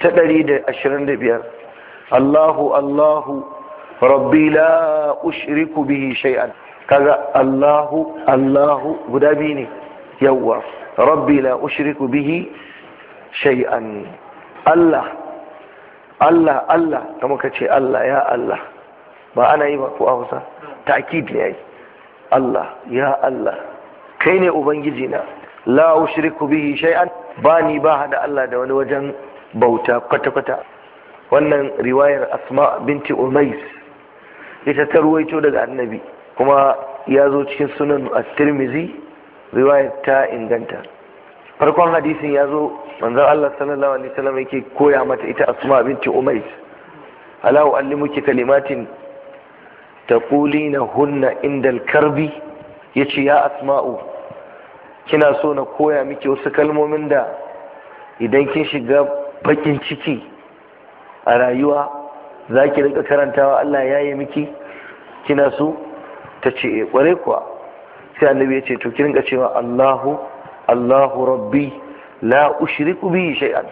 ta ɗari da ashirin da biyar Allahu Allahu rabbi la ushriku bihi shay'an kaga Allahu Allahu guda biyu ne yawwa rabbi la ushriku bihi shay'an Allah Allah Allah kama ka ce Allah ya Allah ba ana yi ba ko a Hausa ta'kid ne ai Allah ya Allah kai ne ubangiji na la ushriku bihi shay'an ba ni ba hada Allah da wani wajen bauta kwata-kwata wannan riwayar asma binti umais ita ta ruwaito daga annabi kuma ya zo cikin sunan at-tirmizi riwayar ta inganta farkon hadisin ya zo manzan Allah sallallahu alaihi wasallam yake koya mata ita asma binti umais ala uallimuki kalimatin hunna indal karbi yace ya asma'u kina so na koya miki wasu kalmomin da idan kin shiga bakin ciki a rayuwa za ki rika karantawa Allah ya yi miki kina so ta ce kware eh, kuwa sai annabi ya ce to ki rinka cewa Allahu Allahu rabbi la ushriku bi shay'an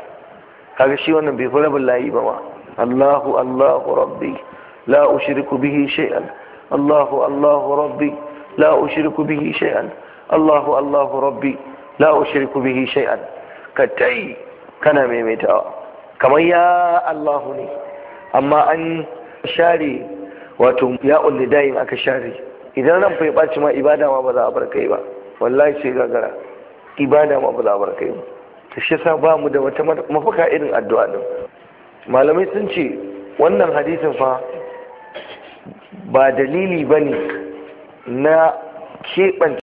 kaga shi wannan bai fara layi ba ma Allahu Allahu rabbi la ushriku bihi shay'an Allahu Allahu rabbi la ushriku bihi shay'an Allahu Allahu rabbi la ushriku bihi shay'an ka tai kana maimaitawa kamar ya Allahu ne amma an share wato ya dayin aka share idan ran fai ɓaci ma ibada ma ba za a bar kai ba wallahi sai gagara ibada ma ba za a bar kai ba shi yasa ba mu da wata mafaka irin addu'a din malamai sun ce wannan hadisin fa ba dalili bane na keɓance